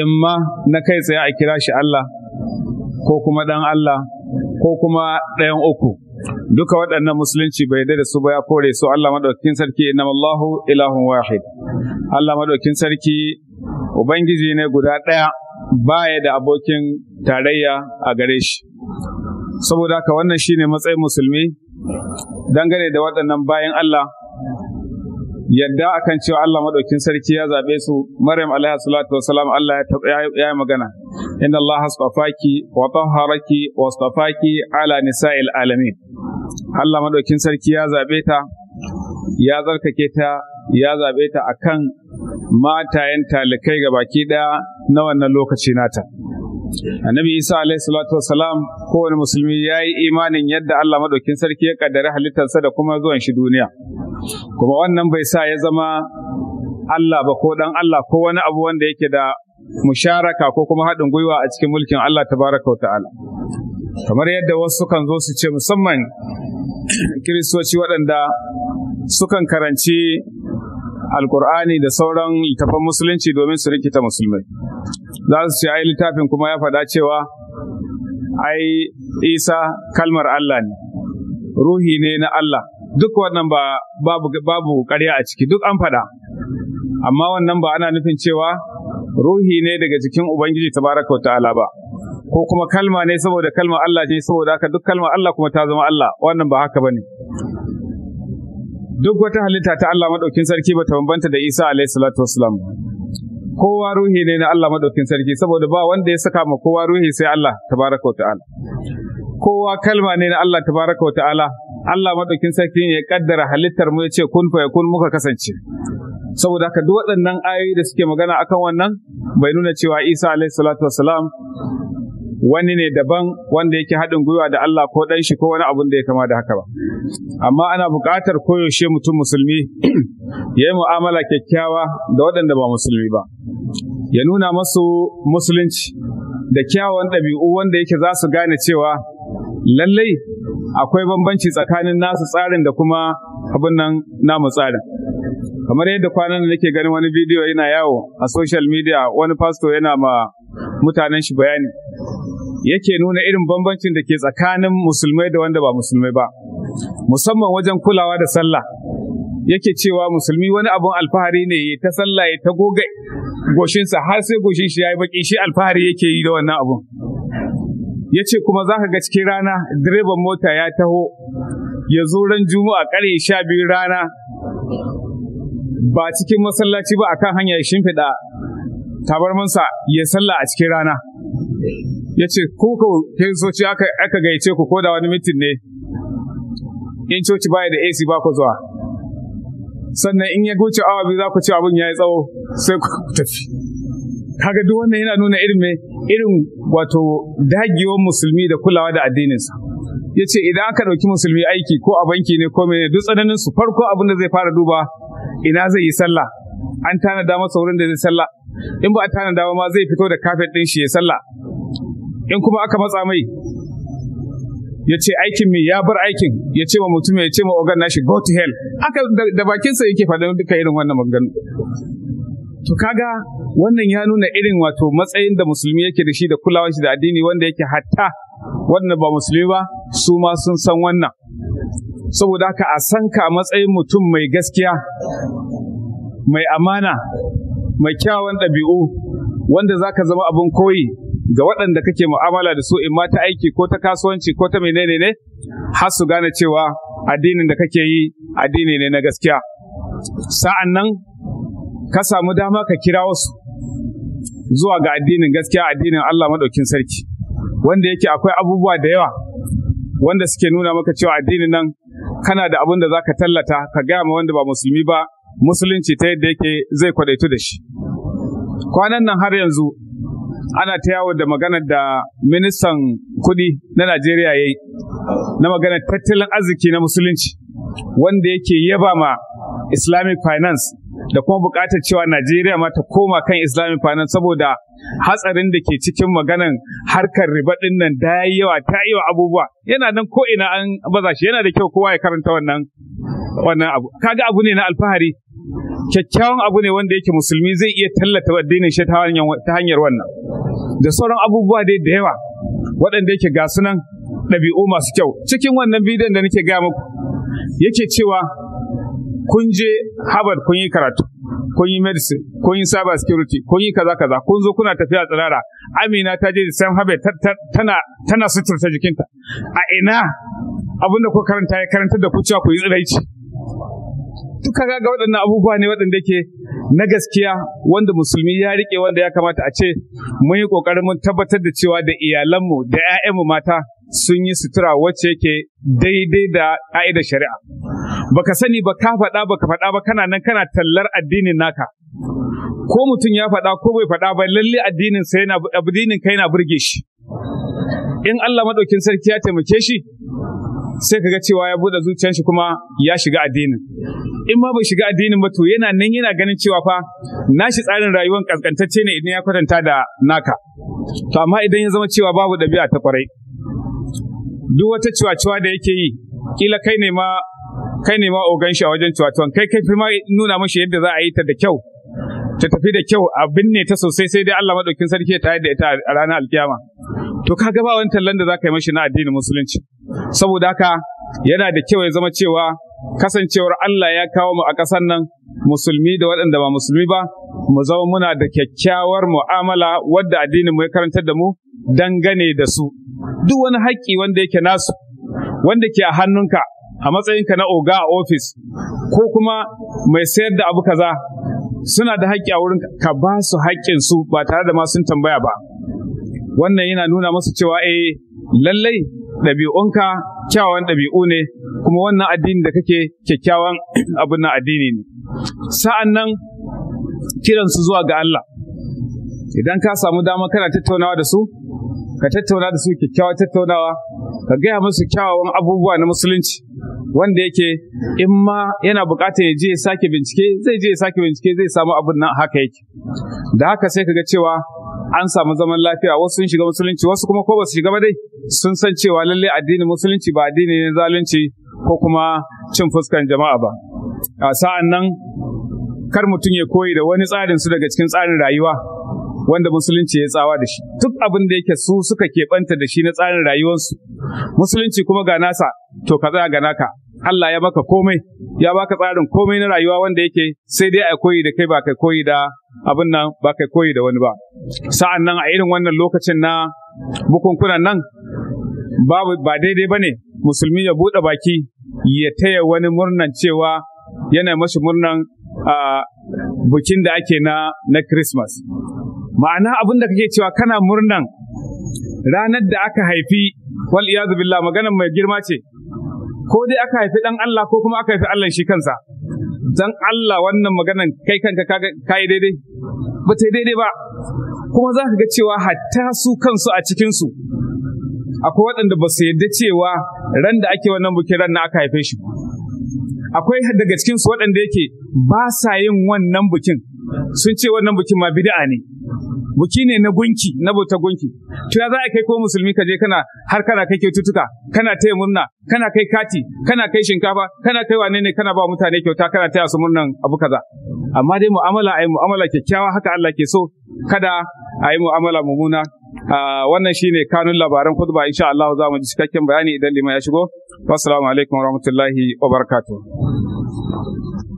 imma na kai tsaye a kira shi Allah ko kuma ɗan Allah ko kuma ɗayan uku duka waɗannan musulunci bai da su ba ya kore su Allah maɗaukin sarki inna Allahu ilahun wahid Allah maɗaukin sarki ubangiji ne guda ɗaya baya da abokin tarayya a gare shi saboda haka wannan shi ne matsayin musulmi dangane da waɗannan bayan Allah yadda akan cewa Allah madaukin sarki ya zabe su Maryam alaiha salatu wassalam Allah ya yi magana inna Allah astafaki wa tahharaki wa astafaki ala nisa'il alamin Allah madaukin sarki ya zabe ta ya zarkake ta ya zabe ta akan matayen talikai ga baki daya na wannan lokaci nata annabi isa alaihi salatu wasalam kowane musulmi ya yi imanin yadda allah maɗaukin sarki ya kaddare halittarsa da kuma zuwan shi duniya kuma wannan bai sa ya zama Allah ba ko dan Allah ko wani abu wanda yake da musharaka ko kuma haɗin gwiwa a cikin mulkin Allah tabaraka wa ta'ala kamar yadda wasu sukan zo su ce musamman kiristoci waɗanda sukan karanci alkur'ani da sauran littafan musulunci domin su rikita musulmai za su ce ai littafin kuma ya faɗa cewa ai isa kalmar Allah ne ruhi ne na Allah duk wannan ba babu babu ƙarya a ciki duk an faɗa amma wannan ba ana nufin cewa ruhi ne daga jikin ubangiji tabaraka ta'ala ba ko kuma kalma ne saboda kalma Allah ne saboda haka duk kalma Allah kuma ta zama Allah wannan ba haka bane duk wata halitta ta Allah madaukin sarki ba ta bambanta da Isa alaihi salatu wassalam kowa ruhi ne na Allah madaukin sarki saboda ba wanda ya saka ma kowa ruhi sai Allah tabaraka ta'ala kowa kalma ne na Allah tabaraka wa ta'ala Allah madaukin sarki ne ya kaddara halittar mu ya ce kun fa kun muka kasance saboda haka duk waɗannan ayoyi da suke magana akan wannan bai nuna cewa Isa alaihi salatu wassalam wani ne daban wanda yake haɗin gwiwa da Allah ko ɗan shi ko wani abun da ya kama da haka ba. Amma ana buƙatar koyaushe mutum musulmi ya yi mu'amala kyakkyawa da waɗanda ba musulmi ba. Ya nuna masu musulunci da kyawawan ɗabi'u wanda yake za su gane cewa lallai akwai bambanci tsakanin nasu tsarin da kuma abin nan namu tsarin kamar yadda kwanan nake ganin wani bidiyo yana yawo a social media wani pastor yana ma mutanen shi bayani yake nuna irin bambancin da ke tsakanin musulmai da wanda ba musulmai ba musamman wajen kulawa da sallah yake cewa musulmi wani abun alfahari ne ya ta sallah ya ta goge goshinsa har sai goshin shi ya yi baki shi alfahari yake yi da wannan abun ya ce kuma za ka ga cikin rana direban mota ya taho ya zo ran juma'a kare sha biyu rana ba cikin masallaci ba akan hanya ya shimfiɗa tabarmansa ya sallah a cikin rana ya ce ko ka kiristoci aka gayyace ku ko da wani mitin ne in coci baya da AC ba ku zuwa sannan in ya goce awa biyu za ku ci abin ya yi tsawo sai ku tafi kaga duk wannan yana nuna irin me irin wato dagewar musulmi da kulawa da addininsa ya ce idan aka ɗauki musulmi aiki ko a banki ne ko mene duk tsananin su farko abin da zai fara duba ina zai yi sallah an tanada masa wurin da zai sallah in ba a tana ma zai fito da kafet ɗin shi ya sallah in kuma aka matsa mai ya ce aikin mai ya bar aikin ya ce wa mutum ya ce ma ogan nashi go to hell aka da bakinsa yake faɗin duka irin wannan maganganu To kaga wannan ya nuna irin wato matsayin da musulmi yake da shi da kulawa shi da addini wanda yake hatta wannan ba musulmi ba su ma sun san wannan. Saboda haka a san ka a matsayin mutum mai gaskiya, mai amana, mai kyawawan ɗabi'u, wanda za ka zama abin koyi ga waɗanda kake mu'amala da su in ma ta aiki ko ta kasuwanci ko ta menene ne har su gane cewa addinin da kake yi addini ne na gaskiya. Sa'an nan ka samu dama ka kira wasu zuwa ga addinin gaskiya addinin Allah maɗaukin sarki wanda yake akwai abubuwa da yawa wanda suke nuna maka cewa addinin nan kana da abin da za ka tallata ka gaya ma wanda ba musulmi ba musulunci ta yadda yake zai kwadaitu da shi kwanan nan har yanzu ana ta yawo da maganar da ministan kuɗi na najeriya ya yi na maganar tattalin arziki na musulunci wanda yake yaba ma islamic finance da kuma buƙatar cewa Najeriya ma ta koma kan Islamic finance saboda hatsarin da ke cikin maganan harkar riba ɗin nan da yawa ta yawa abubuwa yana nan ko ina an baza shi yana da kyau kowa ya karanta wannan wannan abu kaga abu ne na alfahari kyakkyawan abu ne wanda yake musulmi zai iya tallata addinin shi ta hanyar wannan da sauran abubuwa dai da yawa waɗanda yake ga sunan ɗabi'u masu kyau cikin wannan bidiyon da nake gaya muku yake cewa kun je Harvard kun yi karatu kun yi medicine kun yi cyber security kun yi kaza kaza kun zo kuna tafiya tsirara Amina ta je Sam Harvard tana tana suturta jikinta a ina abinda ku karanta ya karanta da ku cewa ku yi tsiraici duka ga waɗannan abubuwa ne waɗanda ke na gaskiya wanda musulmi ya rike wanda ya kamata a ce mun yi ƙoƙarin mun tabbatar da cewa da iyalanmu da 'ya'yanmu mata sun yi sutura wacce yake daidai da ƙa'idar shari'a. baka sani ba ka faɗa ba ka faɗa ba kana nan kana tallar addinin naka ko mutum ya faɗa ko bai faɗa ba lalle addinin sa yana addinin kai yana burge shi in Allah madaukin sarki ya taimake shi sai kaga cewa ya buɗe zuciyar shi kuma ya shiga addinin in ma bai shiga addinin ba to yana nan yana ganin cewa fa nashi tsarin rayuwar kaskantacce ne idan ya kwatanta da naka to amma idan ya zama cewa babu ɗabi'a ta kwarai duk wata ciwaciwa da yake yi kila kai ne ma kai ne ma ogan shi a wajen cuwatuwan kai kai fi ma nuna mashi yadda za a yi ta da kyau ta tafi da kyau a binne ta sosai sai dai Allah madaukin sarki ya tayar da ita a ranar alkiyama to ka gaba wani tallan da za ka yi mashi na addinin musulunci saboda haka yana da kyau ya zama cewa kasancewar Allah ya kawo mu a ƙasar nan musulmi da waɗanda ba musulmi ba mu zama muna da kyakkyawar mu'amala wadda addinin mu ya karantar da mu dangane da su duk wani haƙƙi wanda yake nasu wanda ke a hannunka a matsayinka na oga a ofis ko kuma mai sayar da abu kaza suna da haƙƙi a wurin ka ba su su ba tare da ma sun tambaya ba wannan yana nuna masu cewa eh lallai ɗabi'unka kyawawan ɗabi'u ne kuma wannan addini da kake kyakkyawan abin na addini ne sa'an nan kiransu zuwa ga Allah idan ka samu dama kana tattaunawa da su ka tattauna da su kyakkyawa tattaunawa ka gaya musu kyawawan abubuwa na musulunci wanda yake in ma yana bukatar ya je ya sake bincike zai je ya sake bincike zai samu abin nan haka yake da haka sai kaga cewa an samu zaman lafiya wasu sun shiga musulunci wasu kuma ko ba su shiga ba dai sun san cewa lalle addinin musulunci ba addini ne zalunci ko kuma cin fuskan jama'a ba sa'an nan kar mutum ya koyi da wani tsarin su daga cikin tsarin rayuwa wanda musulunci ya tsawa da shi duk abin da yake su suka keɓanta da shi na tsarin rayuwarsu musulunci kuma ga nasa to ka tsaya ga naka Allah ya maka komai ya baka tsarin komai na rayuwa wanda yake sai dai a koyi da kai ba kai koyi da abin nan ba kai koyi da wani ba sa'an nan a irin wannan lokacin na bukunkunan nan babu ba daidai bane musulmi ya buɗe baki ya taya wani murnan cewa yana mashi murnan a ah, bikin da ake na na Christmas ma'ana abin da kake cewa kana murnan ranar da aka haifi wal iyazu billah maganar mai girma ce ko dai aka haifi dan Allah ko kuma aka haifi Allah shi kansa dan Allah wannan maganar kai kanka ka kai daidai ba ta daidai ba kuma za ka ga cewa hatta su kansu a cikinsu akwai waɗanda ba su yarda cewa ran da ake wannan bukin ran na aka haife shi akwai daga cikinsu waɗanda yake ba sa yin wannan bukin sun ce wannan bukin ma bid'a ne buki ne na gunki na bauta gunki to ya za a kai ko musulmi ka je kana har kana kai kyaututtuka kana taya murna kana kai kati kana kai shinkafa kana kai wane ne kana ba mutane kyauta kana taya su murnan abu kaza amma dai mu'amala ai mu'amala kyakkyawa haka Allah ke so kada a yi mu'amala mummuna wannan shine kanun labaran khutba insha Allah za mu ji cikakken bayani idan lima ya shigo assalamu alaikum warahmatullahi wabarakatuh